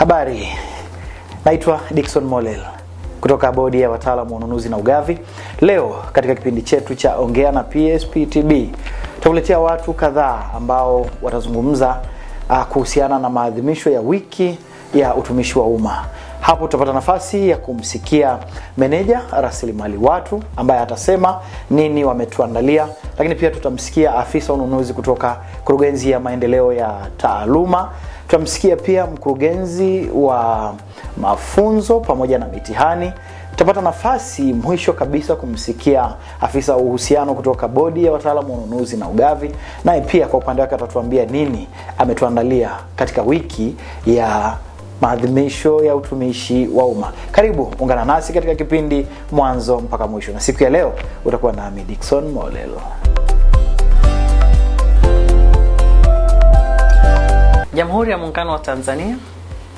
Habari, naitwa Dickson Molel kutoka bodi ya wataalamu wa ununuzi na ugavi. Leo katika kipindi chetu cha ongea na PSPTB tutakuletea watu kadhaa ambao watazungumza uh, kuhusiana na maadhimisho ya wiki ya utumishi wa umma. Hapo tutapata nafasi ya kumsikia meneja rasilimali watu ambaye atasema nini wametuandalia, lakini pia tutamsikia afisa ununuzi kutoka kurugenzi ya maendeleo ya taaluma Tutamsikia pia mkurugenzi wa mafunzo pamoja na mitihani. Tutapata nafasi mwisho kabisa kumsikia afisa wa uhusiano kutoka bodi ya wataalamu wa ununuzi na ugavi, naye pia kwa upande wake atatuambia nini ametuandalia katika wiki ya maadhimisho ya utumishi wa umma. Karibu ungana nasi katika kipindi mwanzo mpaka mwisho, na siku ya leo utakuwa nami Dickson Molelo. Jamhuri ya Muungano wa Tanzania.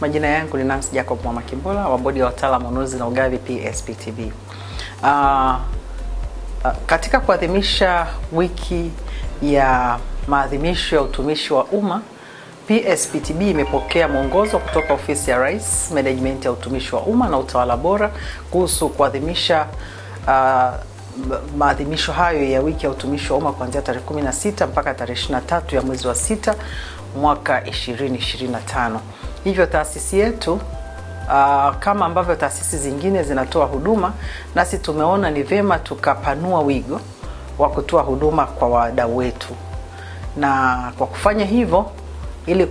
Majina yangu ni Nancy Jacob Mwama Kimbola wa bodi ya wataalamu ununuzi na ugavi PSPTB. Uh, ah, uh, ah, katika kuadhimisha wiki ya maadhimisho ya utumishi wa umma PSPTB imepokea mwongozo kutoka ofisi ya Rais, Management ya utumishi wa umma na utawala bora kuhusu kuadhimisha uh, maadhimisho hayo ya wiki ya utumishi wa umma kuanzia tarehe 16 mpaka tarehe 23 ya mwezi wa sita mwaka 2025. Hivyo taasisi yetu uh, kama ambavyo taasisi zingine zinatoa huduma, nasi tumeona ni vyema tukapanua wigo wa kutoa huduma kwa wadau wetu, na kwa kufanya hivyo ili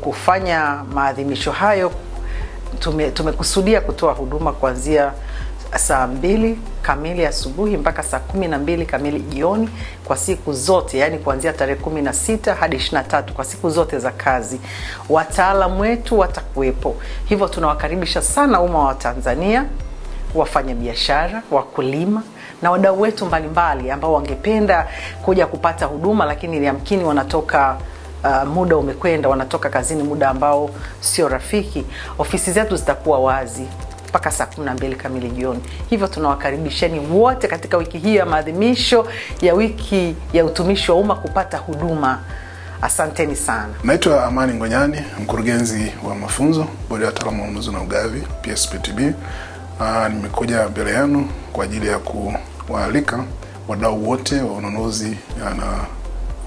kufanya maadhimisho hayo tume, tumekusudia kutoa huduma kuanzia saa mbili kamili asubuhi mpaka saa kumi na mbili kamili jioni kwa siku zote, yani kuanzia tarehe kumi na sita hadi ishirini tatu kwa siku zote za kazi. Wataalamu wetu watakuwepo, hivyo tunawakaribisha sana umma wa Tanzania, wafanyabiashara, wakulima na wadau wetu mbalimbali ambao wangependa kuja kupata huduma, lakini yamkini wanatoka Uh, muda umekwenda, wanatoka kazini muda ambao sio rafiki. Ofisi zetu zitakuwa wazi mpaka saa 12 kamili jioni. Hivyo tunawakaribisheni wote katika wiki hii ya maadhimisho ya wiki ya utumishi wa umma kupata huduma. Asanteni sana. Naitwa Amani Ngonyani, mkurugenzi wa mafunzo bodi ya wataalamu wa ununuzi na ugavi PSPTB. Aa, ah, nimekuja mbele yenu kwa ajili ya kuwaalika wadau wote wa ununuzi ah, na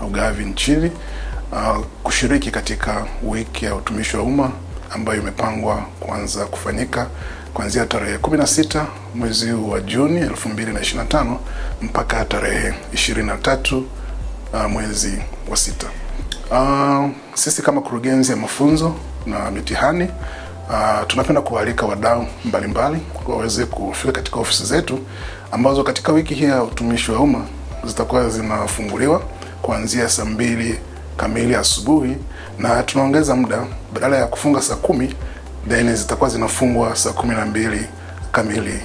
ugavi nchini ah, kushiriki katika wiki ya utumishi wa umma ambayo imepangwa kuanza kufanyika kuanzia tarehe 16 mwezi wa Juni 2025 mpaka tarehe 23 uh, mwezi wa sita. Uh, sisi kama kurugenzi ya mafunzo na mitihani uh, tunapenda kualika wadau mbalimbali waweze kufika katika ofisi zetu ambazo katika wiki hii ya utumishi wa umma zitakuwa zinafunguliwa kuanzia saa mbili kamili asubuhi, na tunaongeza muda, badala ya kufunga saa kumi then zitakuwa zinafungwa saa kumi na mbili kamili.